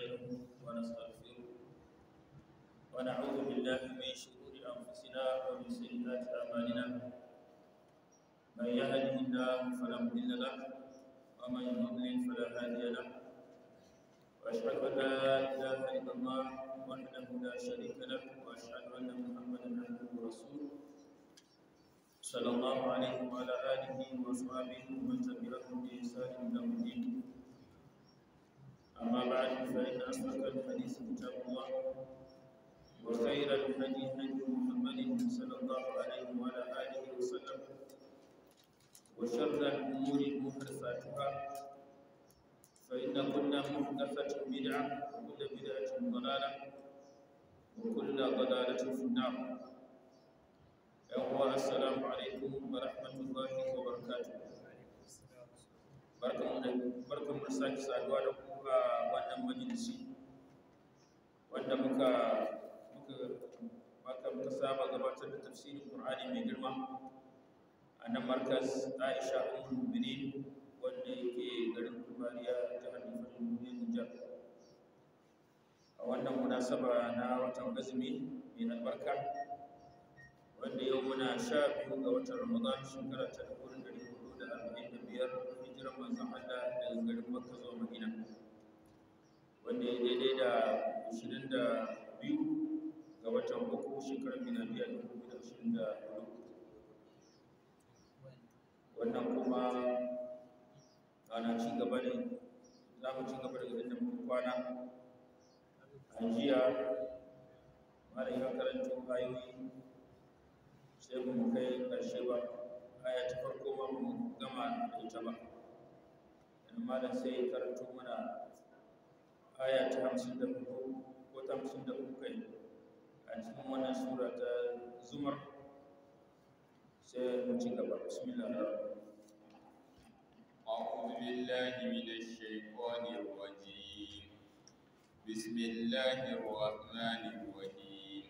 نستعينه ونستغفره ونعوذ بالله من شرور أنفسنا ومن سيئات أعمالنا من يهده الله فلا مضل له ومن يضلل فلا هادي له وأشهد أن لا إله إلا الله وحده لا شريك له وأشهد أن محمدا عبده ورسوله صلى الله عليه وعلى آله وصحبه ومن تبعهم بإحسان إلى الدين أما بعد فإن أصدق الحديث كتاب الله وخير الهدي هدي محمد صلى الله عليه وعلى آله وسلم وشر الأمور محدثاتها فإن كل محدثة بدعة وكل بدعة ضلالة وكل ضلالة في النار. أهوى السلام عليكم ورحمة الله وبركاته. barkan mu sake saduwa da ku a wannan majalisi wanda muka muka muka saba gabatar da tafsirin Qur'ani mai girma a nan markas Aisha Ummul Mu'minin wanda yake garin Kubariya jihar Kaduna Nijar a wannan munasaba na watan azumi mai albarka wanda yau muna sha biyu ga watan Ramadan shekara ta da biyar. manzon Allah daga garin Makka zuwa Madina wanda ya daidai da 22 ga watan uku shekarar miladiya 2024 wannan kuma ana ci gaba ne za mu ci gaba da inda muka kwana a jiya mara ya karanta ayoyi sai mu kai ƙarshe ba aya ta farko ba mu gama da ita ba malam sai ya karanto mana aya ta hamsin da hudu ko ta hamsin da hudu kai a cikin wannan sura ta zumar sai mu ci gaba bismillah أعوذ بالله من الشيطان الرجيم بسم الله الرحمن الرحيم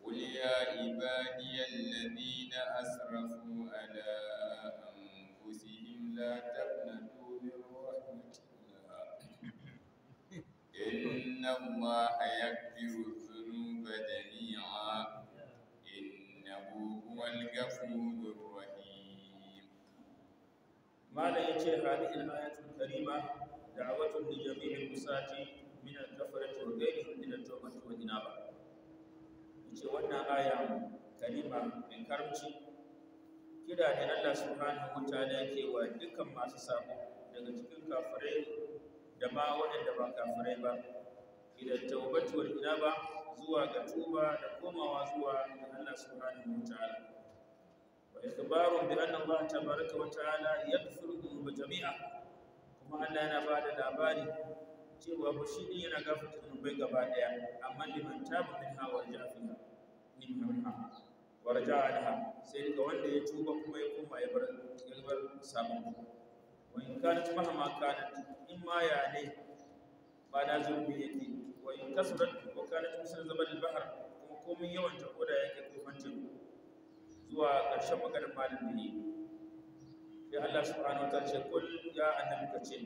قل يا عبادي الذين أسرفوا على أنفسهم لا إن الله يغفر الذنوب جميعا إنه هو الغفور الرحيم ما لا يجي هذه الآية الكريمة دعوة لجميع المساة من الكفرة وغيرهم إلى التوبة والإنابة yace wannan aya kalima mai karamci kira da Allah subhanahu wataala yake wa dukkan masu sabo daga cikin kafirai da ma waɗanda ba kafirai ba ila tawbati wal inaba zuwa ga tuba da komawa zuwa ga Allah subhanahu wa ta'ala wa ikhbaru bi anna Allah tabaraka wa ta'ala yaghfiru dhunuba jami'a kuma Allah yana bada labari cewa ba shi ne yana gafarta zunubai gaba daya amma liman taba min hawa jafiha min hawa wa anha sai ga wanda ya tuba kuma ya koma ya bar kalmar sabon wa in kana ma kana in ma ya ne ba da zulmi yake wa in kasurat wa kanat misal zabalil bahr kuma komai yawan ta koda yake kofan teku zuwa ƙarshen maganar malin da yi sai Allah subhanahu wa ta'ala ce kul ya annabi ka ce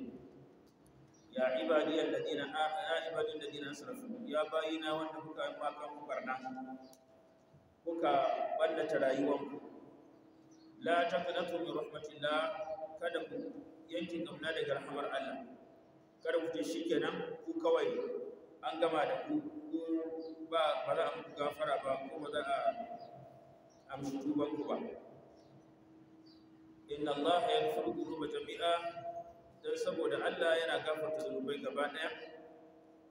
ya ibadi alladina ya ibadi alladina asrafu ya bayina wanda kuka yi maka barna kuka ballata rayuwanku la taqnatu min rahmatillah kada ku yanke gamna daga rahmar Allah kada ku ce shikenan ku kawai an gama da ku ko ba ba za a muku gafara ba ko za a muku ku ba inna Allah ya yaghfiru dhunuba jami'a dan saboda Allah yana gafarta zunubai gaba daya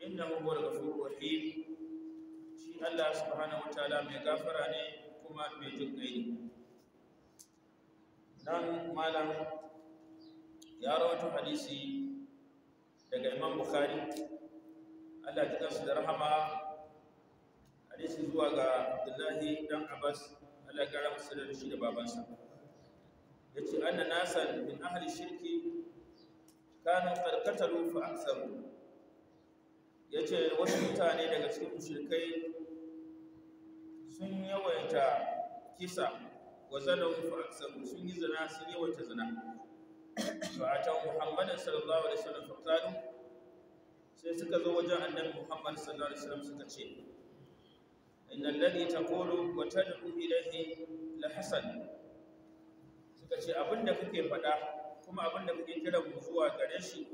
innahu huwal ghafurur rahim shi Allah subhanahu ta'ala mai gafara ne kuma mai jin kai dan malam ya rawatu hadisi daga Imam Bukhari Allah ya kansu da rahama hadisi zuwa ga Abdullahi dan Abbas Allah ya kara masa da shi da babansa Ya ce yace anna nasan min ahli shirki kanu a fa Ya ce wasu mutane daga cikin mushrikai sun yawaita kisa wa zalamu a aktharu sun yi zana, sun yawaita zina fa atan muhammadin sallallahu alaihi wasallam fa qalu sai suka zo wajen annabi Muhammad sallallahu alaihi wasallam suka ce inna alladhi taqulu wa tad'u ilayhi la hasan suka ce abinda kake faɗa kuma abinda kake kira mu zuwa gare shi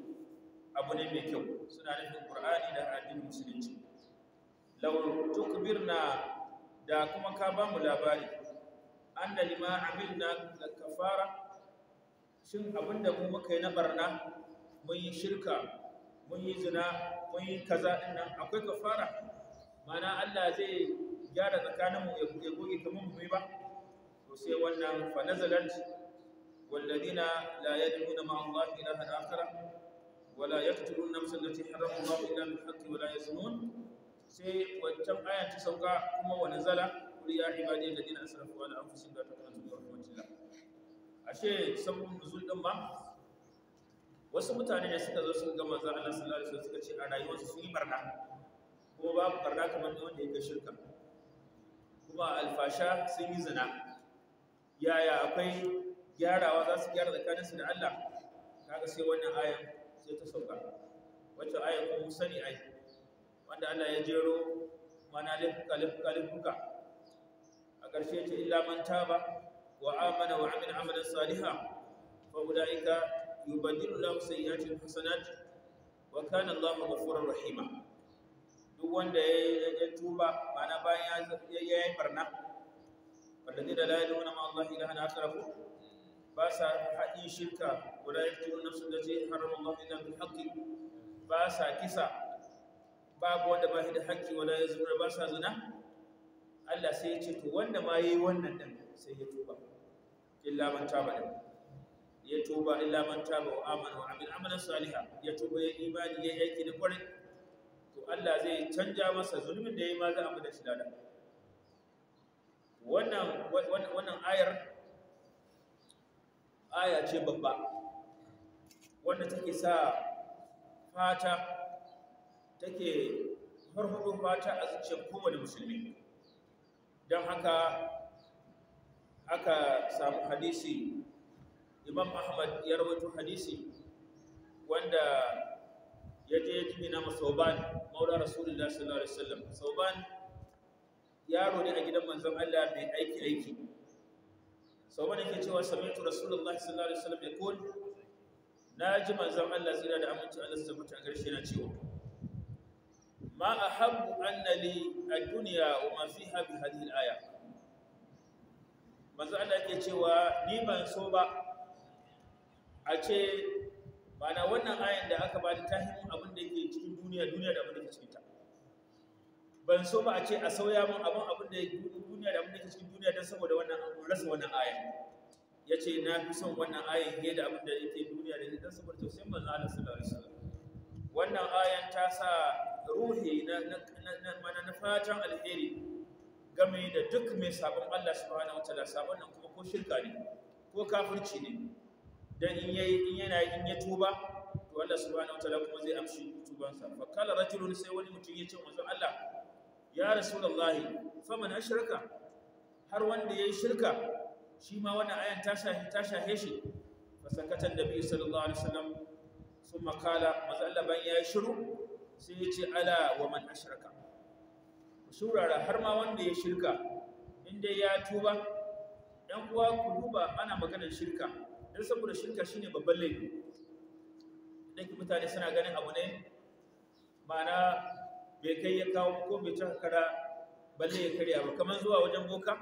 abu ne mai kyau suna nufin Qur'ani da addinin musulunci law tukbirna da kuma ka ba mu labari anna lima amilna kafara shin abinda mu muka yi na barna mun yi shirka mun yi zina mun yi kaza din nan akwai kafara mana Allah zai gyara tsakaninmu ya goge goge kamar mu ba to sai wannan fa nazalat walladina la yad'una ma'a Allah ilahan akhara wala yaqtulun nafsan allati harrama Allah illa bil haqqi wala yaznun sai wancan ayan ta sauka kuma wa nazala qul ya ibadi alladina asrafu ala anfusihim la taqnatu min rahmatillah ashe sabon nuzul din ba wasu mutane da suka zo suka ga manzo Allah sallallahu alaihi wasallam suka ce a rayuwarsu sun yi barka kuma babu barna kamar da wanda yake shirka kuma alfasha sun yi zina yaya akwai gyarawa za su gyara tsakaninsu da Allah kaga sai wannan aya sai ta sauka wacce aya ko sani ai wanda Allah ya jero mana lifka kalif lifka a ƙarshe ce illa man taba wa amana wa amila amalan salihan fa ulaika yubaddilu lahu sayyi'atil hasanat wa kana Allahu ghafurur rahima duk wanda ya tuba mana bayan ya yi barna wallazi da la ilaha illa Allah ilahan akrafu ba sa haɗin shirka guda ya fito nafsun da ce haram Allah ila bil haqqi ba sa kisa babu wanda ba shi da haƙƙi wala ya zura ba sa zina Allah sai ya ce to wanda ma yayi wannan din sai ya tuba illa man taba da ya tuba illa man taba wa amana wa amil amalan saliha ya tuba ya imani ya yaki da kwarai to Allah zai canja masa zulmin da ya ma za a mu shi dada wannan ayar aya ce babba wanda take sa fata take farfadon fata a zuciyar kowane musulmi don haka aka samu hadisi imam ahmad ya rubuta hadisi wanda ya je ya jimina ma sauban maula rasulullah sallallahu alaihi wasallam sauban yaro ne a gidan manzon Allah mai aiki aiki sauban yake cewa sami'tu rasulullah sallallahu alaihi wasallam Na ji manzon Allah tsira da aminci Allah su mutu a garshe na cewa ma ahabbu anna li a duniya wa ma fiha bi hadhihi aya manzon Allah ke cewa ni ban so ba a ce na wannan ayan da aka bani ta himin abin da yake cikin duniya duniya da abin da ke cikin ta ban so ba a ce a sauya min abin abin da yake duniya da abin da ke cikin duniya don saboda wannan rasa wannan ayan ya ce na fi son wannan ayan fiye da abin da yake duniya da don saboda sai manzo Allah sallallahu alaihi wasallam wannan ayan ta sa ruhi na na na fatan alheri game da duk mai sabon Allah subhanahu wataala sabon nan kuma ko shirka ne ko kafirci ne dan in yayi in yana in ya tuba to Allah subhanahu wataala kuma zai amshi tubansa fa kala rajulun sai wani mutum ya ce manzo Allah ya rasulullahi faman ashraka har wanda yayi shirka shi ma wannan ayan ta shahi ta shahe shi fa sakata annabi sallallahu alaihi wasallam thumma kala manzo Allah ban yayi shiru sai ya ce ala wa man ashraka surara har ma wanda ya shirka inda ya tuba ‘yan uwa ku duba ana maganar shirka don saboda shirka shine babban laifi ki mutane suna ganin abu ne mana bai kai ya kawo ko bai taka kara balle ya karya ba kamar zuwa wajen boka